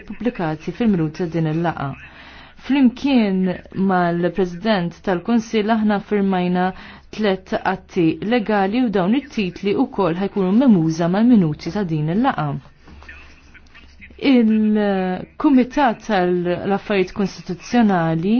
pubblikati fil ta' din il-laqa. Flimkien mal-President tal-Konsil aħna firmajna tlet atti legali u dawn it-titli u kol ħajkunu memuża mal-minuti ta' din il-laqa. Il-Kumitat tal-Affarijiet Konstituzzjonali